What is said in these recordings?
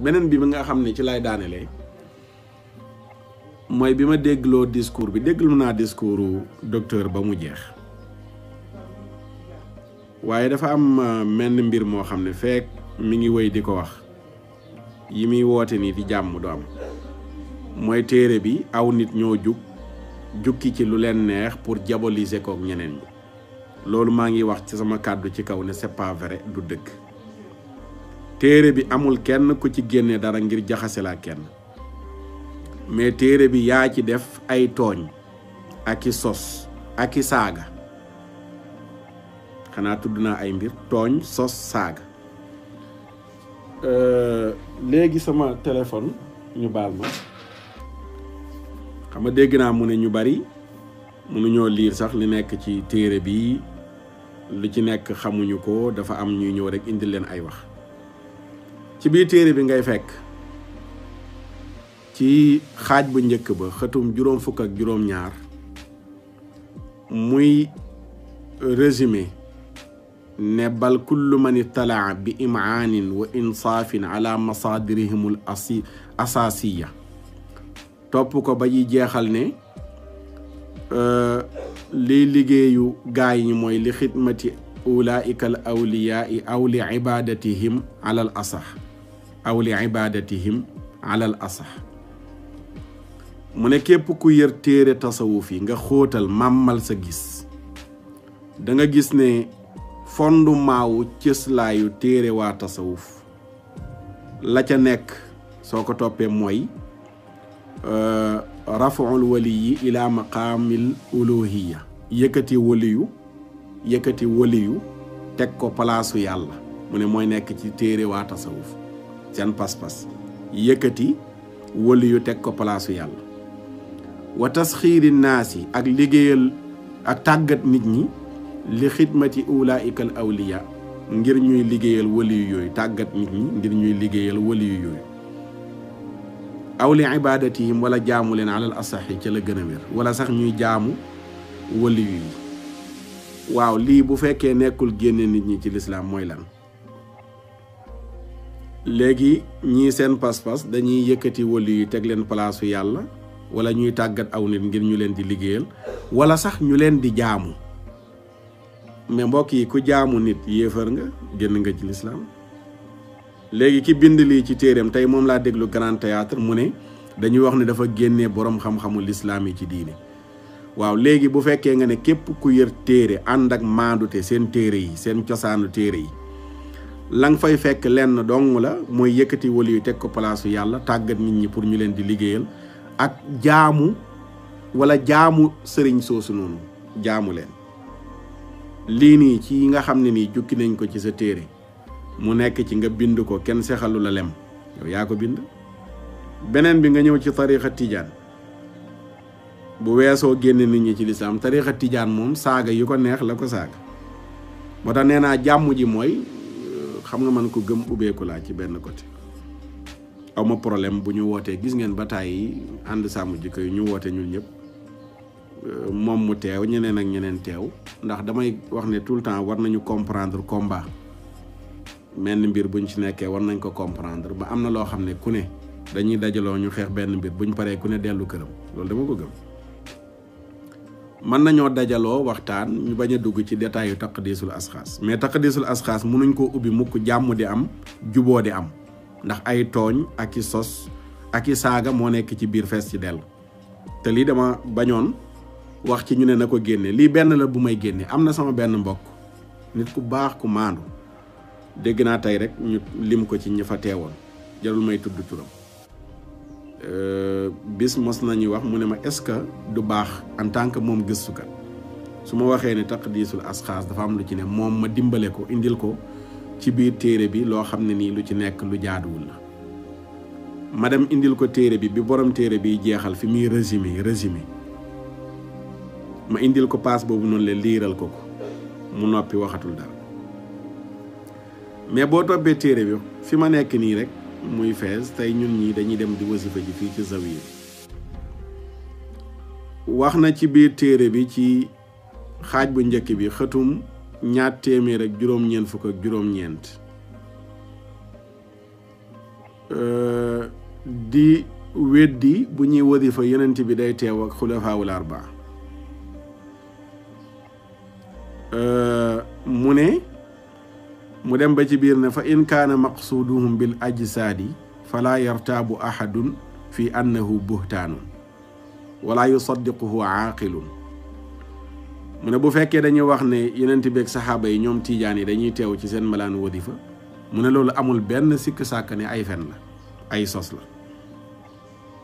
beneen bi bi nga xam ne ci lay daanelee mooy bi ma déggloo discours bi dégglu naa discoursu docteur ba mu jeex waaye dafa am euh, menn mbir moo xam ne fekk mi ngi woy di ko wax yi muy woote nii di jàmm du am mooy téere bi aw nit ñoo jug jukki ci lu leen neex pour diaboliser kook ñeneen ñi loolu maa ngi wax ci sama kàddu ci kaw ne c'est pas vrai du dëgg téere bi amul kenn ku ci génne dara ngir jaxase la kenn mais téere bi yaa ci def ay tooñ ak i sos ak i saaga xanaa tudd naa ay mbir tooñ sos saaga euh, léegi sama téléphone ñu baal ma xam nga dégg naa mu ne ñu bari mënuñoo liir sax li nekk ci téere bi lu ci nekk xamuñu ko dafa am ñuy ñëw rek indi leen ay wax ci biir téere bi ngay fekk ci xaaj bu njëkk ba xëtum juróom fukk ak juróom ñaar muy résumé ne bal kullu man bi imaanin wa insaafin ala masaadirihimul asi asaasiya topp ko ba yi jeexal ne euh, liy liggéeyu gaay ñi mooy li xidmati ulaika aw li ibadatihim ala al aw li mu ne képp ku yër téere tasawuf yi nga xóotal màmmal sa gis danga gis ne fondement wu cëslaayu téere waa tasawuf la ca nekk soo ko toppee mooy euh, rafaul waliyi ila maqaamil uluhiya yëkkati waliyu yëkkati waliyu teg ko palaasu yàlla mu ne mooy nekk ci téere waa tasawuf seen pas-pas yëkkati wëli teg ko palaasu yàlla wa tasxiiri naas yi ak liggéeyal ak tàggat nit ñi li xidmati ulaika aw awliya ngir ñuy liggéeyal waliyu yooyu tàggat ngir ñuy liggéeyal waliyu yooyu aw li ibadatihim wala jaamu leen alal asaxi ca la gën a wér wala sax ñuy jaamu waliyu yi waaw lii bu fekkee nekkul génne nit ñi ci lislaam mooy lan léegi ñii seen pas-pas dañuy yëkkati wali yi teg leen palaasu yàlla wala ñuy tàggat aw nit ngir ñu leen di liggéeyal wala sax ñu leen di jaamu mais mbokk yi ku jaamu nit yéefar nga génn nga ci lislaam léegi ki bind lii ci téeréem tey moom laa déglu grand théâtre mu ne dañuy wax ni dafa génne borom xam-xamu lislaam yi ci diine waaw léegi bu fekkee nga ne képp ku yër téere ànd ak maandute seen téere yi seen cosaanu téere yi la fay fekk lenn dong la mooy yëkkati wali yu teg ko palaasu yàlla tàggat nit ñi pour ñu leen di liggéeyal ak jaamu wala jaamu sëriñ soosu noonu jaamu leen lii nii ci nga xam ne nii jukki nañ ko ci sa téere mu nekk ci nga bind ko kenn sexalu la lem yow yaa ko bind beneen bi nga ñëw ci tarixa tiijaan bu weesoo génne nit ñi ci lislaam tarixa tiijaan moom saaga yi ko neex la ko saaga moo tax nee naa jàmm ji mooy xam nga man ko gëm ubbeeku laa ci benn côté awma problème bu ñu wootee gis ngeen ba tàyyi ànd sàmm jikko yi ñu woote ñun ñëpp euh, moom mu teew ñeneen ak ñeneen teew ndax damay wax ne tout le temps war nañu comprendre combat menn mbir bu ñu ci nekkee war nañ ko comprendre ba am na loo xam ne ku ne dañuy dajaloo ñu xeex benn mbir buñ paree ku ne dellu këram loolu dama ko gëm mën nañoo dajaloo waxtaan ñu bañ a dugg ci détail yu taqdiisul asxaas mais taqdiisul asxaas mënuñ koo ubbi mukk jàmm di am juboo di am ndax ay tooñ ak i sos ak i saaga moo nekk ci biir fees ci dell te lii dama bañoon wax ci ñu ne na ko génne lii benn la bu may génne am na sama benn mbokk nit ku baax ku maandu dégg naa tey rek ñu lim ko ci ñu fa teewoon jarul may tudd turam Euh, bis mos nañuy wax mu ne ma est-ce que du baax en tant que moom gëstukat su ma waxee ne taq taqdiisul asxaas dafa am lu ci ne moom ma dimbale ko indil ko ci biir téere bi loo xam ne nii lu ci nekk lu jaaduwul la ma dem indil ko téere bi bi borom téere bi jeexal fi muy résumé résumé ma indil ko paas boobu noonu leen liiral ko ko mu noppi waxatul dara mais boo toppee téere bi fi ma nekk nii rek muy fees tey ñun ñi dañuy dem di wasifa ji fii ci zawiya wax na ci biir téere bi ci xaaj bu njëkk bi xëtum ñaat di weddi bu ñuy wasifa yenent bi day teew ak xulafaawul arba dem ba ci biir ne fa in kaana maqsuuduhum bil ajsaadi falaa yartaabu ahadun fi annahu buhtaanun wala yusaddiquhu aaqilun mu ne bu fekkee dañuy wax ne yenent beeg saxaaba yi ñoom tiijaan yi dañuy teew ci seen malaan wadifa mu ne loolu amul benn sikk sàkk ne ay fen la ay sos la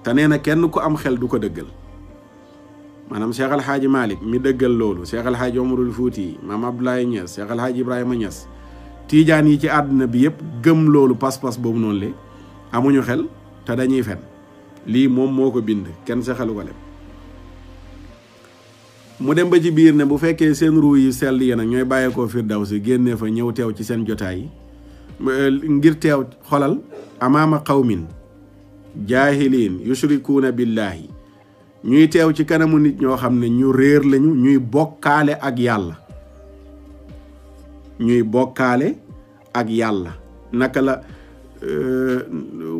te nee na kenn ku am xel du ko dëggal maanaam Cheikh Alhaaji Malick mi dëggal loolu Cheikh Alhaaji Omarul Fuuti yi maam Abdoulaye Niass Cheikh Alhaaji Ibrahima Niass tiijaan yi ci àdduna bi yëpp gëm loolu pas-pas boobu noonu le amuñu xel te dañuy fen lii moom moo ko bind kenn sa xelu ko lem mu dem ba ci biir ne bu fekkee seen ruu yi sell yi nag ñooy bàyyeekoo firdawsi génnee fa ñëw teew ci seen jotaay yi euh, ngir teew xolal amaama xawmin jaahiliin yushrikuuna billaahi ñuy teew ci kanamu nit ñoo xam ne ñu réer lañu ñuy bokkaale ak yàlla ñuy bokkaale ak yàlla naka la euh,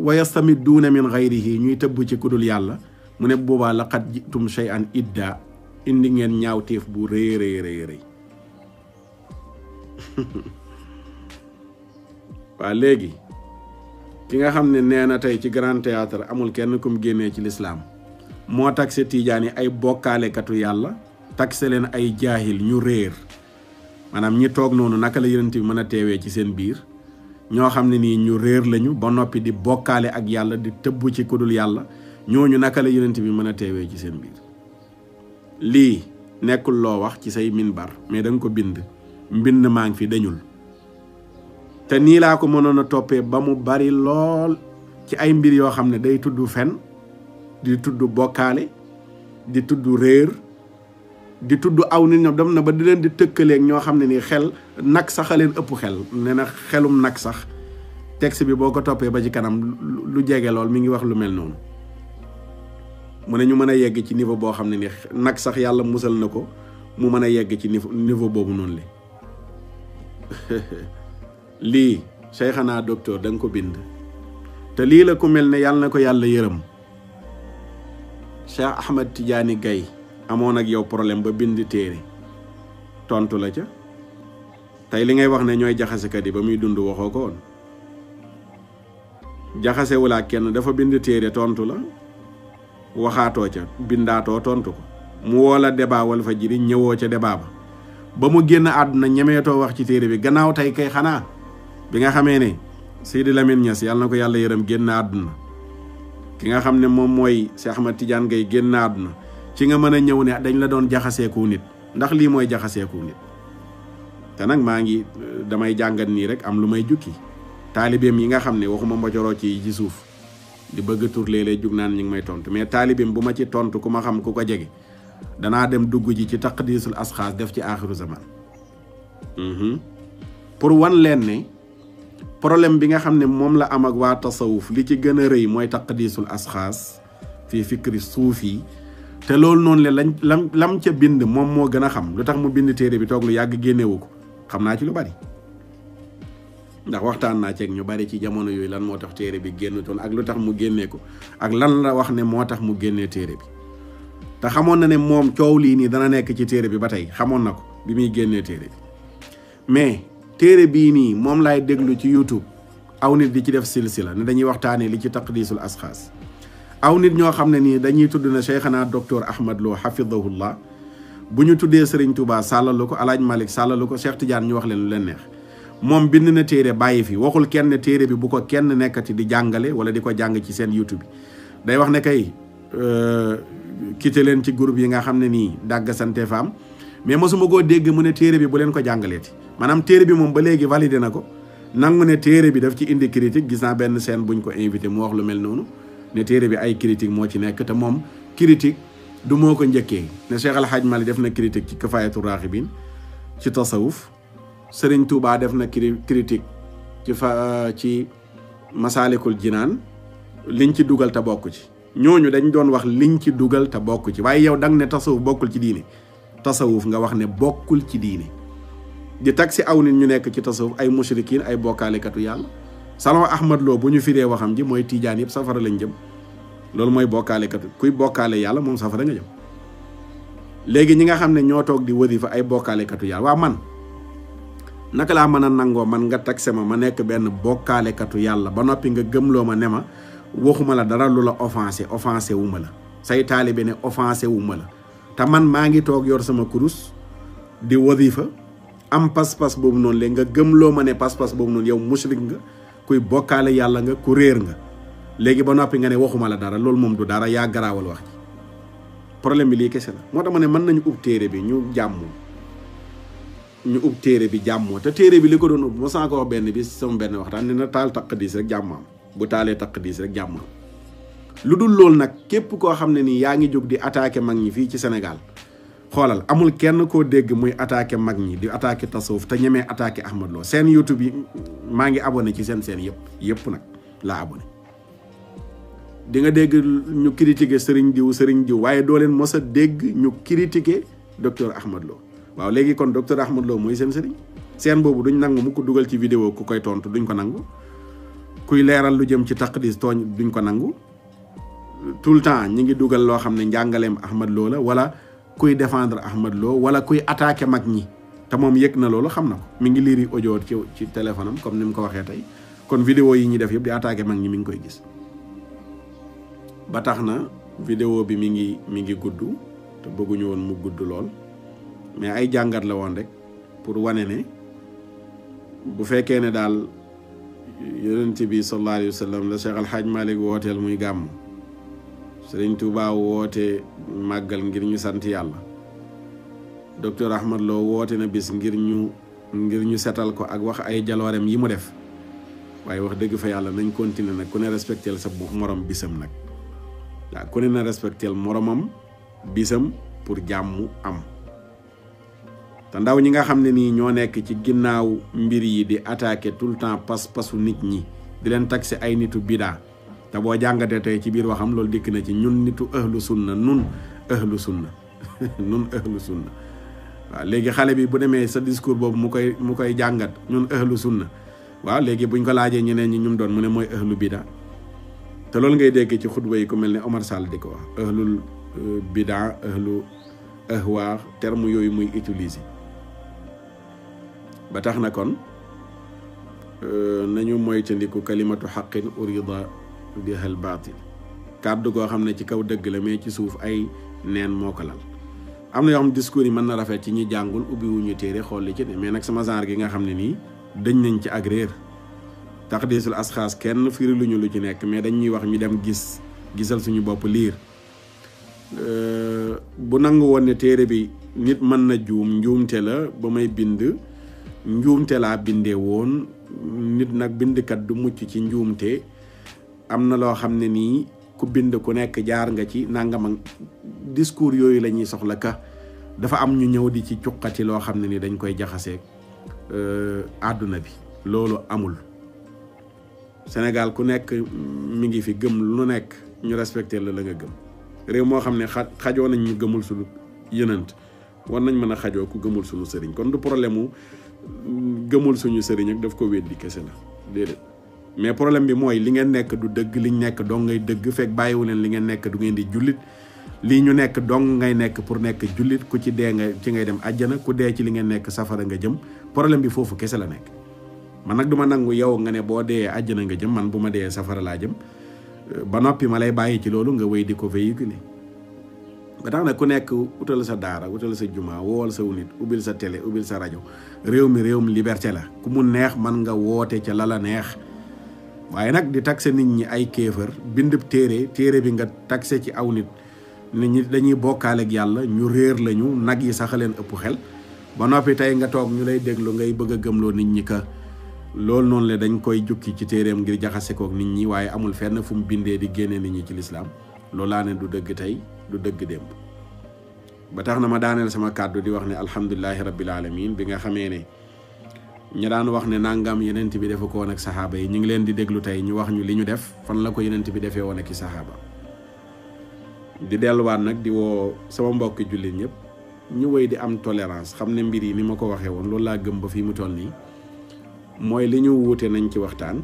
wa yastamiduuna min gayrihi ñuy tëb ci kudul yàlla mu ne boobaa laqad jitum an idda indi ngeen ñaawteef bu rëy rëy rëy rëy waa léegi ki nga xam ne nee na tey ci grand théâtre amul kenn kum génnee ci lislaam moo taxe tiijaan yi ay bokkaalekatu yàlla taxe leen ay jaahil ñu réer maanaam ñi toog noonu naka la yonent bi mën a teewee ci seen biir ñoo xam ne nii ñu réer lañu ba noppi di bokkaale ak yàlla di tëbb ci kudul yàlla ñooñu naka la yonent bi mën a teewee ci seen biir lii nekkul loo wax ci say minbar mais da ko bind mbind maa ngi fi dañul te nii laa ko mënoon a toppee ba mu bari lool ci ay mbir yoo xam ne day tudd fen di tudd bokkaale di tudd réer di tudd aw nit ñoom dem na ba di leen di tëkkaleek ñoo xam ne nii xel nag sax a leen ëpp xel ne na xelum nag sax texte bi boo ko toppee ba ci kanam lu jege lool mi ngi wax lu mel noonu mu ne ñu mën a yegg ci niveau boo xam ne ni nag sax yàlla musal na ko mu mën a yegg ci niveau niveau boobu noonu li lii Cheikhana docteur da nga ko bind te lii la ku mel ne yàlla na ko yàlla yërëm Cheikh Ahmed Tidiane Gaye amoon ak yow problème ba bind téere tontu la ca tey li ngay wax ne ñooy jaxasekat yi ba muy dund waxoo ko woon jaxasewulaa kenn dafa bind téere tontu la waxaatoo ca bindaatoo tontu ko mu woo la débat fa jiri ñëwoo ca débat ba ba mu génn àdduna ñemeetoo wax ci téere bi gannaaw tey kay xanaa bi nga xamee ne Sidi Lamine Niass yàlla na ko yàlla yërëm génn àdduna ki nga xam ne moom mooy Cheikh Ahmad Tidiane Gaye génn àdduna ci nga mën a ñëw ne dañu la doon jaxaseeku nit ndax lii mooy jaxaseeku nit te nag maa ngi euh, damay jàngat nii rek am lu may jukki taalibeem yi nga xam ne waxuma mbocoroo ci ci suuf di bëgg tur léeg-léeg jug naan ñu ngi may tontu mais taalibeem bu ma ci tontu ku ma xam ku ko jege danaa dem dugg ji ci taqdiisul asxaas def ci aaxiru zaman mhm. pour wan leen ne problème bi nga xam ne moom la am ak waa tasawuf li ci gën a rëy mooy taqdiisul asxaas fii fikri suufi te loolu noonu le lañ lam lam ca bind moom moo gën a xam lu tax mu bind téere bi toog lu yàgg génnewu ko xam naa ci lu bari ndax waxtaan naa ceeg ñu bari ci jamono yooyu lan moo tax téere bi génn toon ak lu tax mu génnee ko ak lan la wax ne moo tax mu génnee téere bi te xamoon na ne moom coow lii nii dana nekk ci téere bi ba tey xamoon na ko bi muy génnee téere bi mais téere bii nii moom laay déglu ci YouTube aw nit li ci def silsila ne dañuy waxtaanee li ci taqdiisul asxaas aw nit ñoo xam ne nii dañuy tudd na Cheikhana docteur Ahmad Lo hafidahullah bu ñu tuddee Serigne Touba sàllalu ko alaaj Malick sàllalu ko Cheikh Tidiane ñu wax leen lu leen neex moom bind na téere bàyyi fi waxul kenn téere bi bu ko kenn nekkati di jàngale wala di ko jàng ci seen YouTube bi day wax ne kay kiite euh, leen ci groupe yi nga xam ne nii dàgg sante fa am mais mosuma koo dégg mu ne téere bi bu leen ko jàngaleeti maanaam téere bi moom ba léegi validé na ko nangu ne téere bi daf ci indi critique gis naa benn scène buñ ko invité mu wax lu mel noonu ne téere bi ay critique moo ci nekk te moom critique du moo ko njëkkee ne Cheikh Alhaaj Mali def na critique ci Kifaayatu Raaxibiin ci tasawuf Sëriñ Tuubaa def na critique ci fa euh, ci Masaalikul Jinaan liñ ci dugal te bokk ci ñooñu dañ doon wax liñ ci dugal te bokk ci waaye yow dang ne tasawuf bokkul ci diine tasawuf nga wax ne bokkul ci diine di taksi aw nit ñu nekk ci tasawuf ay mushrikin ay bokkaalekatu yàlla salon Ahmad Lo bu ñu fiiree waxam ji mooy tiijaan yëpp safara lañ jëm loolu mooy bokkaale kuy bokkaale yàlla moom safara nga jëm léegi ñi nga xam ne ñoo toog di wasifa ay bokkaale katu yàlla waaw man naka laa mën a nangoo man nga taxe ma ma nekk benn bokkaale yàlla ba noppi nga gëmloo ma ne ma waxuma la dara lu la offensé wu ma la say taalibe ne wu ma la te man maa ngi toog yor sama kurus di wasifa am pas-pas boobu noonu léegi nga gëm loo ma ne pas-pas boobu noonu yow mushrik nga kuy bokkaale yàlla nga ku réer nga léegi ba noppi nga ne waxuma la dara loolu moom du dara yaa garaawal wax ji problème bi lii kese la moo tama ne mën nañu ub téere bi ñu jàmmoo ñu ub téere bi jàmmoo te téere bi li ko doon ub ma saa benn bi sama benn waxtaan ne na taal taq diis rek jàmmaam bu taalee taq diis rek jàmmaam lu dul loolu nag képp koo xam ne nii yaa ngi jóg di attaqué mag ñi fii ci Sénégal xoolal amul kenn koo dégg muy attaqué mag ñi di attaqué tasawuf te ñemee attaqué Ahmad Lo seen YouTube yi maa ngi abonné ci seen seen yëpp yëpp nag laa abonné di nga dégg ñu critiqué sëriñ diw sëriñ diw waaye doo leen mos a dégg ñu critiqué docteur Ahmad Lo waaw léegi kon docteur Ahmad Lo mooy seen sëriñ seen boobu duñ nangu mu ko dugal ci vidéo ku koy tontu duñ ko nangu kuy leeral lu jëm ci taqdis tooñ duñ ko nangu tout le temps ñi ngi dugal loo xam ne njàngaleem Ahmad Lo la wala kuy défendre Ahmed Lo wala kuy attaqué mag ñi te moom yëg na loolu xam na ko mi ngi liir audio ci ci téléphone am comme ni mu ko waxee tey kon vidéo yi ñuy def yëpp di attaqué mag ñi mi ngi koy gis ba tax na vidéo bi mi ngi mi ngi gudd te bëgguñu woon mu gudd lool mais ay jàngat la woon rek pour wane ne bu fekkee ne daal yonent bi sallallahu alayhi wa sallam la Cheikh Al Hadj Malick wooteel muy gàmm sëriñ Touba woote màggal ngir ñu sant yàlla docteur Ahmad Lo woote na bis ngir ñu ngir ñu setal ko ak wax ay jaloorem yi mu def waaye wax dëgg fa yàlla nañ continuer nag ku ne respectel sa morom bisam nag waaw ku ne na respectel moromam bisam pour jàmm am te ndaw ñi nga xam ne nii ñoo nekk ci ginnaaw mbir yi di attaquer tout le temps pas-pasu nit ñi di leen taxé ay nitu bidaa te boo jàngatee tey ci biir waxam loolu dikk na ci ñun nitu ahlu sunna nun ahlu sunna nun ahlu sunna waaw léegi xale bi bu demee sa discours boobu mu koy mu koy jàngat ñun ahlu sunna waaw léegi buñ ko laajee ñeneen ñi ñum doon mu ne mooy ahlu bida te loolu ngay dégg ci xutba yi ku mel ne Omar Sall di ko wax ahlul euh, bida ahlu ahwa terme yooyu muy utiliser ba tax na kon euh, nañu moytandiku kalimatu xaqin urida biha al baatil kàdd koo xam ne ci kaw dëgg la mais ci suuf ay neen moo ko am na yoo xam discours yi mën na rafet ci ñu jàngul ubbi wuñu téere xool li ci mais nag sama genre gi nga xam ne nii dañ nañ ci ak réer taqdisul asxaas kenn firi luñu lu ci nekk mais dañuy wax ñu dem gis gisal suñu bopp liir bu nangu woon ne téere bi nit mën na juum njuumte la ba may bind njuumte laa bindee woon nit nag bindkat du mucc ci njuumte am na loo xam ne nii ku bind ku nekk jaar nga ci nangam discours yooyu lañuy soxla ka dafa am ñu ñëw di ci cuqati loo xam ne nii dañ koy jaxasee euh, àdduna bi loolu amul Sénégal ku nekk mu ngi fi gëm lu nekk ñu respecté la la nga gëm réew moo xam ne xajoo nañ ñu gëmul suñu yënant war nañ mën a xajoo ku gëmul suñu sëriñ kon du problème mu gëmul suñu sëriñ ak daf ko weddi kese la mais problème bi mooy li ngeen nekk du dëgg liñ nekk dong ngay dëgg fekk bàyyiwu leen li ngeen nekk du ngeen di jullit lii ñu nekk dong ngay nekk pour nekk jullit ku ci dee nga ci ngay dem àjjana ku dee ci li ngeen nekk safara nga jëm problème bi foofu kese la nekk man nag du ma nangu yow nga ne boo dee àjjana nga jëm man bu ma dee safara laa jëm euh, ba noppi ma lay bàyyi ci loolu nga wéy di ko ni ba tax na ku nekk wutal sa daara utal sa juma wool sa nit sa télé ubbil sa rajo réew mi réewum liberté la ku mu neex man nga woote ca la la neex waaye nag di taxe nit ñi ay kéefër bindub téere téere bi nga taxe ci aw nit nit ñi dañuy bokkaale yàlla ñu réer lañu nag yi sax leen ëpp xel ba noppi tey nga toog ñu lay déglu ngay bëgg gëmloo nit ñi ko loolu noonu la dañ koy jukki ci téereem ngir jaxase kook nit ñi waaye amul fenn fu mu bindee di génne nit ñi ci lislaam loolu laa ne du dëgg tey du dëgg démb ba tax na ma daaneel sama kàddu di wax ne alhamdulilahi rabbil alamin bi nga xamee ne ñu daan wax ne nangam yenent bi defu ko woon ak saxaaba yi ñu ngi leen di déglu tey ñu wax ñu li ñu def fan la ko yenent bi defee woon ak i saxaaba di delluwaat nag di woo sama mbokki jullit ñëpp ñu wéy di am tolérance xam ne mbir yi ni ma ko waxee woon loolu laa gëm ba fii mu toll nii mooy li ñu wuute nañ ci waxtaan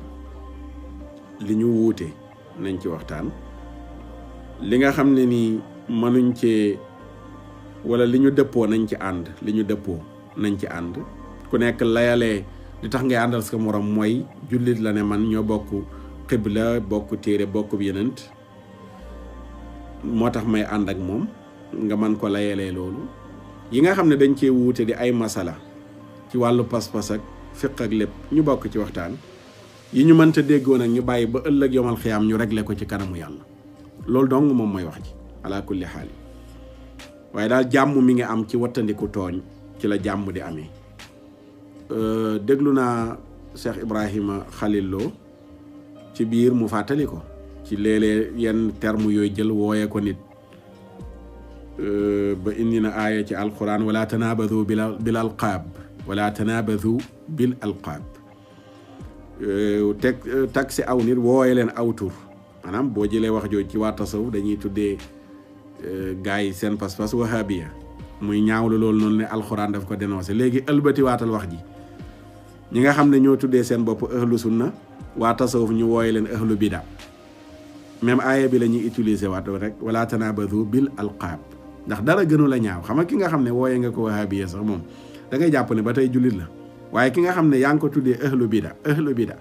li ñu wuute nañ ci waxtaan li nga xam ne nii mënuñ cee wala li ñu dëppoo nañ ci ànd li ñu dëppoo nañ ci ànd ku nekk layalee li tax ngay àndal sa morom mooy jullit la ne man ñoo bokk xibla bokk téere bokk yenent moo tax may ànd ak moom nga man ko layalee loolu yi nga xam ne dañ cee wuute di ay masala ci wàllu pas-pas ak fiq ak lépp ñu bokk ci waxtaan yi ñu mënta déggoon ak ñu bàyyi ba ëllëg yomal xiyaam ñu réglé ko ci kanamu yàlla loolu dong moom mooy wax ji ala kulli xaali waaye daal jàmm mi ngi am ci wattandiku tooñ ci la jàmm di amee Euh, déglu naa Cheikh Ibrahima Khalil ci biir mu fàttali ko ci léeg yenn terme yooyu jël wooye ko nit euh, ba indi na aaya ci alquran wala tanaabadu bil alqaab wala tanaabadu bil alqaab euh, teg tag si aw nit wooye leen aw tur maanaam boo jëlee wax jooju ci waa tasawuf dañuy tuddee gars yi seen pas-pas wahabiya muy ñaawlu loolu noonu ne alxuraan def ko dénoncé léegi ëlbati waatal wax ji ñi nga xam ne ñoo tuddee seen bopp ahlu sunna waa tasawuf ñu wooye leen ahlu bida même aaya bi la ñuy utiliser waat rek wala tanabadu bil alqaab ndax dara gënu la ñaaw xam nga ki nga xam ne wooye nga ko wahabiya sax moom dangay jàpp ne ba tey jullit la waaye ki nga xam ne yaa ngi ko tuddee ahlu bida ahlu bida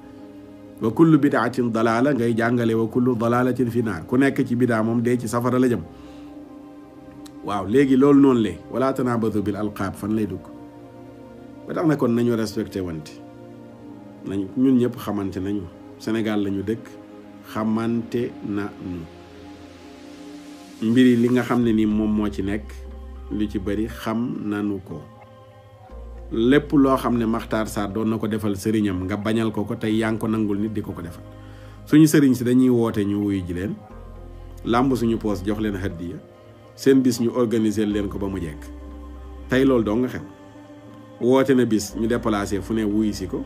wa kullu bidaatin dalaala ngay jàngale wa kullu dalaalatin fi naar ku nekk ci bidaa moom dee ci safara la jëm waaw léegi loolu noonu le wala tanabadu bil alqaab fan lay dugg ba tax na kon nañu respecté wante nañ ñun ñëpp xamante nañu Sénégal lañu dëkk xamante na mbir yi li nga xam ne ni moom moo ci nekk lu ci bëri xam nanu ko lépp loo xam ne Maxtaar saa doon na ko defal sëriñam nga bañal ko ko tey yaa ngi ko nangul nit di ko ko defal suñu sëriñ si dañuy woote ñu wuyu ji leen làmb suñu poos jox leen hadiya seen bis ñu organiser leen ko ba mu jekk tey loolu doo nga xew woote na bis ñu déplacé fu ne wuyu si ko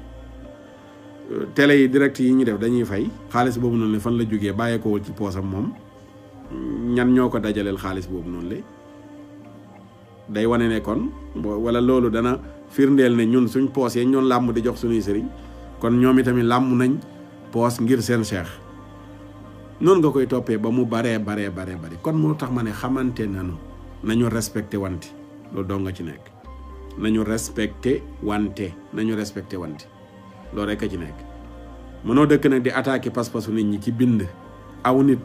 télé yi direct yi ñu def dañuy fay xaalis boobu noonu la fan la jógee bàyyeekowul ci poosam moom ñan ñoo ko dajaleel xaalis boobu noonu la day wane ne kon wala loolu dana firndeel ne ñun suñ poos yi ñoon làmm di jox sunuy sëriñ kon ñoom itamit làmm nañ poos ngir seen cheikh noonu nga koy toppee ba mu baree baree baree bari kon moo tax ma ne xamante nanu nañu respecté wanti loolu doo nga ci nekk nañu respecté wante nañu respecté wante loolu rek a ci nekk mënoo dëkk nag di attaqué pas-pasu nit ñi ci bind aw nit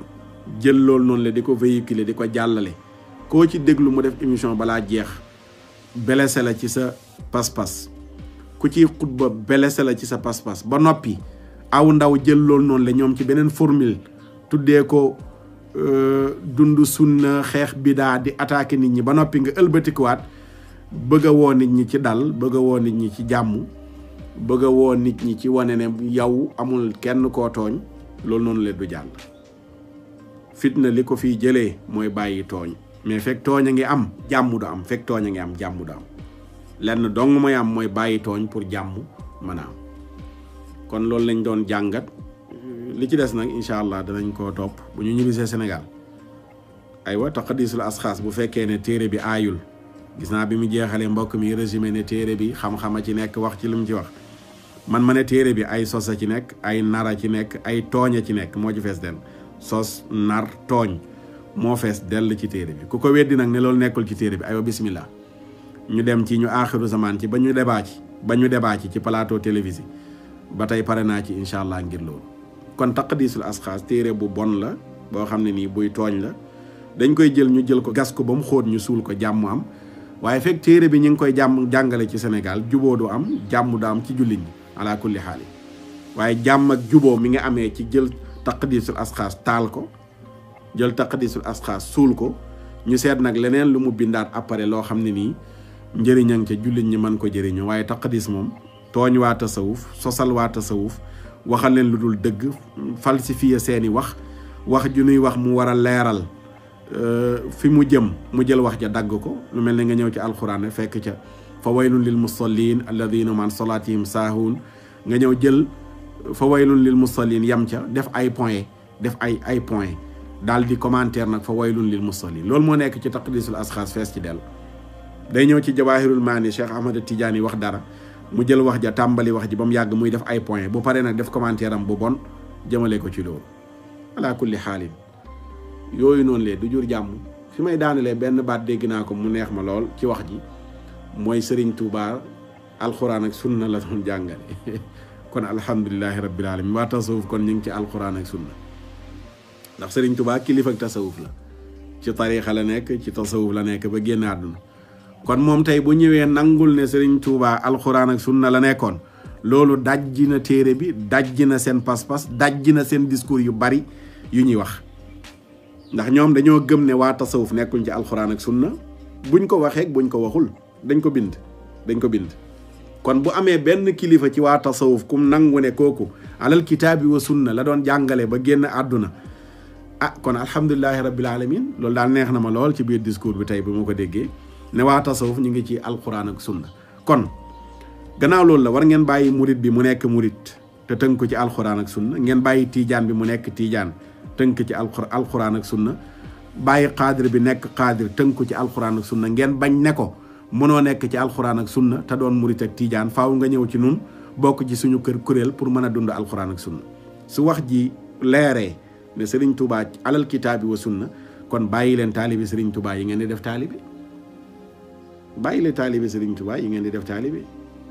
jël lool noonu la di ko véhiculer di ko jàllale koo ci déglu mu def émission balaa jeex belese la ci sa pas ku ciy xutba belese la ci sa pas ba noppi aw ndaw jël loolu noonu la ñoom ci beneen formule tuddee ko euh, dund sunna xeex bidaa di attaqué nit ñi ba noppi nga ëlbatikuwaat bëgg woo nit ñi ci dal bëgg woo nit ñi ci jàmm bëgg woo nit ñi ci wane ne yow amul kenn koo tooñ loolu noonu leen du jàll fitna li ko fi jëlee mooy bàyyi tooñ mais fekk tooñ a ngi am jàmm du am fekk tooñ a ngi am jàmm du am lenn dong mooy am mooy bàyyi tooñ pour jàmm mën kon loolu lañ doon jàngat li ci des nag incha allah danañ koo topp bu ñu ñibbisee Sénégal aywa taqdisul asxaas bu fekkee ne téere bi aayul gis naa bi mu jeexalee mbokk mi résumé ne téere bi xam a ci nekk wax ci li mu ci wax man ma ne téere bi ay sos a ci nekk ay nara ci nekk ay tooña ci nekk moo ci fees den sos nar tooñ moo fees dell ci téere bi ku ko weddi nag ne loolu nekkul ci téere bi aywa bismillah ñu dem ci ñu aaxiru zamaan ci ba ñu debaa ci ba ñu debaa ci ci plateau télévisé ba tey pare naa ci incha allah ngir loolu kon taqdisul asxaas téere bu bon la boo xam ne nii buy tooñ la dañ koy jël ñu jël ko gas ko ba mu xóot ñu suul ko jàmm am waaye fekk téere bi ñu ngi koy jàmm jàngale ci Sénégal juboo du am jàmm du am ci jullit ñi ala kulli waaye jàmm ak juboo mi ngi amee ci jël taqdisul asxaas taal ko jël taqdisul asxaas suul ko ñu seet nag leneen lu mu bindaat après loo xam ne nii njëriñ a ca jullit ñi mën ko jëriñoo waaye taqdis moom tooñ waa tasawuf sosal waa tasawuf waxal leen lu dul dëgg falsifier seeni wax wax ju nuy wax mu war a leeral Euh, fi mu jëm mu jël wax ja dagg ko lu mel ne nga ñëw ci alxuraan fekk ca fa waylun lil musallin alladina man salatihim saahun nga ñëw jël fa waylun lil musallin yam ca def ay point def ay ay point daal di commentaire nag fa waylun lil musallin loolu moo nekk ci taqdisul asxaas fees ci dell day ñëw ci jawahirul maani Cheikh Ahmad Tidiane wax dara mu jël wax ja tàmbali wax ji ba mu yàgg muy def ay point bu paree nag def commentaire am bu bon jëmale ko ci loolu yooyu noonu lee du jur jàmm fi may daanelee benn baat dégg naa ko mu neex ma lool ci wax ji mooy Serigne Touba alxuraan ak sunna la doon jàngale kon alhamdulilahi rabbil alamin waa kon ñu ngi ci alxuraan ak ndax Serigne Touba kilifa ak tasawuf la ci nekk ci tasawuf la nekk ba génn àdduna kon moom tey bu ñëwee nangul ne Serigne Touba alxuraan ak sunna la nekkoon loolu dajji na téere bi dajji na seen pas-pas dajji na seen discours yu bari yu ñuy wax ndax ñoom dañoo gëm ne waa tasawuf nekkuñ ci alxuraan ak sunna buñ ko waxee buñ ko waxul dañ ko bind dañ ko bind kon bu amee benn kilifa ci waa tasawuf kum nangu ne kooku alal kitaabi wa sunna la doon jàngale ba génn àdduna ah kon alhamdulilahi rabbil alamin loolu daal neex na ma lool ci biir discours bi tey bi mu ko déggee ne waa tasawuf ñu ngi ci alxuraan ak sunna kon gannaaw loolu la war ngeen bàyyi murit bi mu nekk murit te tënk ko ci alxuraan ak sunna ngeen bàyyi tiijaan bi mu nekk tiijaan tënk ci alqur alquran ak sunna bàyyi xaadir bi nekk xaadir tënku ci alxuraan ak sunna ngeen bañ ne ko mënoo nekk ci alxuraan ak sunna te doon murit ak tiijaan faaw nga ñëw ci nun bokk ci suñu kër kuréel pour mën a dund alquran ak sunna su wax ji leeree ne sëriñ tubaa alal kitaabi wa sunna kon bàyyi leen taalibi sëriñ yi ngeen di def taalibi bàyyi leen taalibi sëriñ tubaa yi ngeen di def taalibi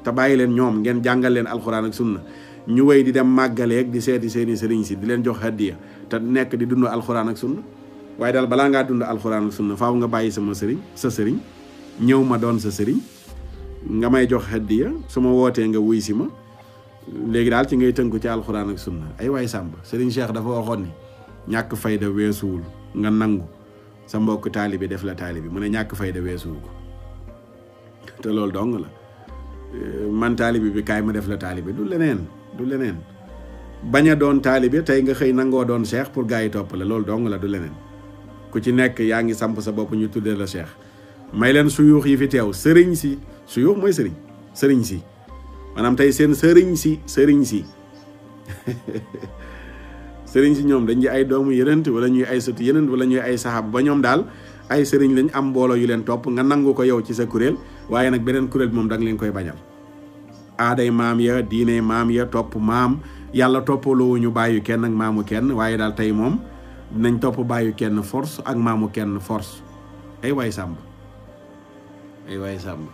te bàyyi leen ñoom ngeen jàngal leen alquran ak sunna ñu wéy di dem màggaleeg di seeti seeni sëriñ si di leen jox hadiya te nekk di dund alxuraan ak sunna waaye daal balaa ngaa dund alxuraan ak sunna faaw nga bàyyi sama sëriñ sa sëriñ ñëw ma doon sa sëriñ nga may jox hadiya su ma wootee nga wuy si ma léegi daal ci ngay tënku ci alxuraan ak sunna ay waay sàmb sëriñ seex dafa waxoon ni ñàkk fayda weesuwul nga nangu sa mbokk taalibi def la taalibi mu ne ñàkk fayda weesuwu ko te loolu dong la man bi kaay ma def la taalibi du leneen du leneen bañ a doon taalibe tey nga xëy nangoo doon cheikh pour gars yi topp la loolu dong la du leneen ku ci nekk yaa ngi samp sa bopp ñu tuddee la cheikh may leen suyuux yi fi teew sëriñ si suyuux mooy sëriñ sëriñ si maanaam tey seen sëriñ si sëriñ si sëriñ si ñoom dañuy ay doomu yenent wala ñuy ay sëtu yenent wala ñuy ay saxaab ay sëriñ lañ am mbooloo yu leen topp nga nangu ko yow ci sa kuréel waaye nag beneen kuréel bi moom da nga leen koy bañal aaday maam ya diine maam ya topp maam yàlla toppaloowuñu bàyyu kenn ak maamu kenn waaye daal tey moom nañ topp bàyyu kenn force ak maamu kenn force ay waay sàmb ay waay sàmb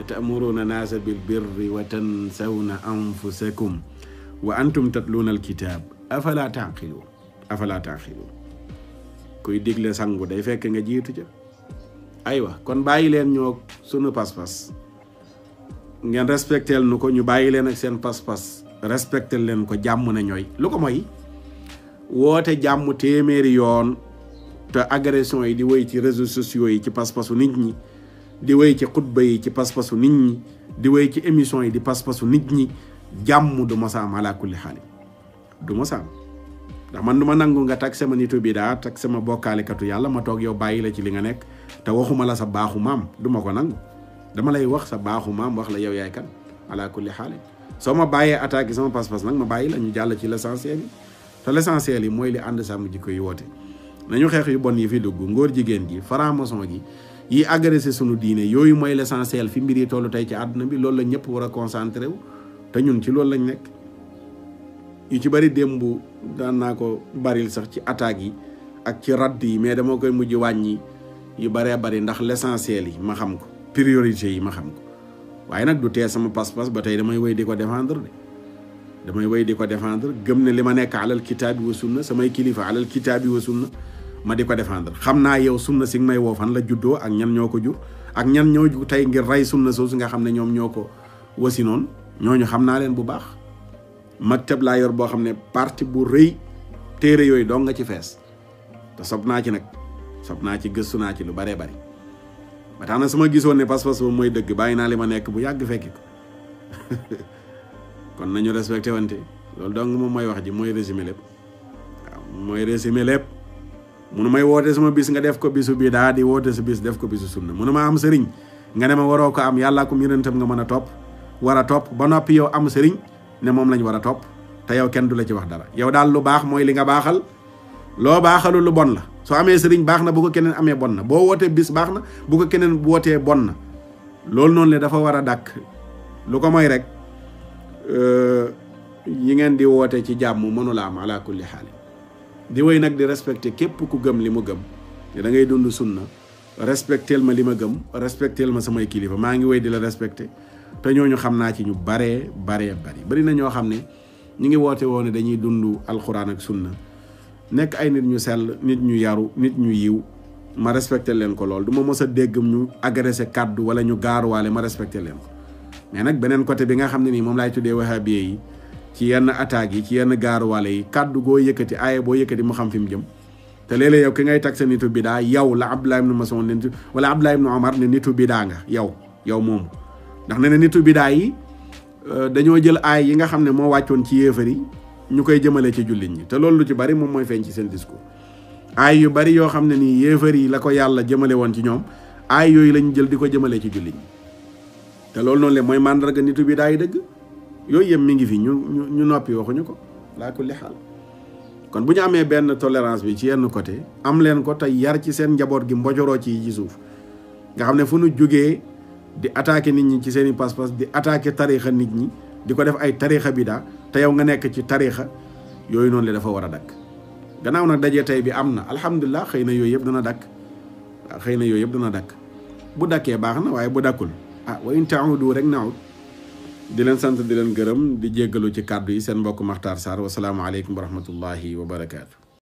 atamuruna naasa bil birri wa tansawna anfusakum wa antum tatluuna alkitaab afala taaqiluun afala taaqiluun kuy digle sangu day fekk nga jiitu ca aywa kon bàyyi leen ñoo sunu pas-pas ngeen respecteel nu ko ñu bàyyi leen ak seen pas-pas respecteel leen ko jàmm na ñooy lu ko mooy woote jàmm téeméeri yoon te agression yi di wéy ci réseau sociaux yi ci pas-pasu nit ñi di wéy ci xutba yi ci pas-pasu nit ñi di wéy ci émission yi di pas-pasu nit ñi jàmm du masa am ala kulli xaali du masa am ndax man du ma nangu nga tag sama nitu bidaa tag sama bokkaalikatu yàlla ma toog yow bàyyi la ci li nga nekk te waxuma la sa baaxu maam du ma ko nangu dama lay wax sa baaxu maam wax la yow yaay kan ala kulli xaali soo ma bàyyee attaque sama pas-pas nag ma bàyyi la ñu jàll ci l'essentiel yi te l'essentiel yi mooy li ànd sàmm jikko yi woote nañu xeex yu bon yi fi dugg ngóor jigéen ji faraamason maçon yi yi agressé sunu diine yooyu mooy l'essentiel fi mbir yi toll tey ci àdduna bi loolu la ñëpp war a concentré te ñun ci loolu lañ nekk yu ci bari démb daan naa ko baril sax ci attaques yi ak ci radd yi mais dama koy mujj wàññi yu baree bari ndax l'essentiel yi ma xam ko priorité yi ma xam ko waaye nag du tee sama pas-pas ba tey damay woy di ko defendre de damay wéy di ko defendre gëm ne li ma nekk alal kitaabi wa sunna samay kilifa alal kitaabi wa sunna ma di ko défendre xam naa yow sunna si nga may woo fan la juddoo ak ñan ñoo ko jur ak ñan ñoo jug tey ngir rey sunna si nga xam ne ñoom ñoo ko wasi noonu ñooñu xam naa leen bu baax maktab laa yor boo xam ne parti bu rëy téere yooyu dong nga ci fees te sob naa ci nag sob naa ci gëstu naa ci lu baree bari ba tax na su ma gisoon ne pas-pas boobu mooy dëgg bàyyi naa li ma nekk bu yàgg fekki ko kon nañu respecté wante loolu donc moom mooy wax ji mooy résumé lépp waaw mooy résumé lépp munu may woote sama bis nga def ko bisu bii daa di woote sa bis def ko bisu sunna munu ma am sëriñ nga ne ma waroo ko am yàllaa ko yonentam nga mën a topp war a topp ba noppi yow am sëriñ ne moom lañ war a topp te yow kenn du la ci wax dara yow daal lu baax mooy li nga baaxal loo baaxalu lu bon la soo amee sëriñ baax na bu ko keneen amee bon na boo wootee bis baax na bu ko keneen wootee bon na loolu noonu le dafa war a dàkk lu ko mooy rek euh, ñi ngeen di woote ci jàmm mënula am ala kulli di woy nag di respecté képp ku gëm li mu gëm da ngay dund sunna respecteel ma li ma gëm respecteel ma samay kilifa maa ngi woy di la respecté te ñoo ñu xam naa ci ñu baree baree bari bari na ñoo xam ne ñu ngi woote woone dañuy dund alxuraan ak sunna nekk ay nit ñu sell nit ñu yaru nit ñu yiw ma respecté leen ko lool duma mos a dégg ñu agressé kàddu wala ñu gaaruwaale ma respecté leen ko mais nag beneen côté bi nga xam ne nii moom laay tuddee wahabiye yi ci yenn attaques yi ci yenn gaaruwaale yi kàddu goo yëkkati aaye boo yëkkati mu xam fi mu jëm te léeg-léeg yow ki ngay tag sa nitu bidaa yow la Abdullah ibnu Mas'ud ne wala Abdullah ibnu Omar ne nitu bidaa nga yow yow moomu ndax ne ne nitu bidaa yi euh, dañoo jël aay yi nga xam ne moo wàccoon ci yéefar yi ñu koy jëmalee ci jullit ñi te loolu lu ci bari moom mooy feeñ ci seen discours aay yu bari yoo xam ne nii yéefar yi la ko yàlla jëmale woon ci ñoom aay yooyu lañu jël di ko jëmalee ci jullit ñi te loolu noonu le mooy màndarga nit bi daay dëgg yooyu yëpp mi ngi fi ñu ñu noppi waxuñu ko laa kulli xaal kon bu ñu amee benn tolérance bi ci yenn côté am leen ko te yar ci seen njaboot gi mbojoroo ci ci suuf nga xam ne fu nu jógee di attaquer nit ñi ci seen i pas-pas di attaquer nit ñi di ko def ay tariixa bida te yow nga nekk ci tariixa yooyu noonu le dafa war a dakk gannaaw nag daje tey bi am na alhamdulilah xëy na yooyu yëpp dana dakk xëy na yooyu yëpp dana dakk bu dakkee baax na waaye bu dakkul ah wa in taudu rek naawut di leen sant di leen gërëm di jéggalu ci kàddu yi seen mbokk Makhtar Sarr wasalaamualeykum wa rahmatullahi wa barakaatu.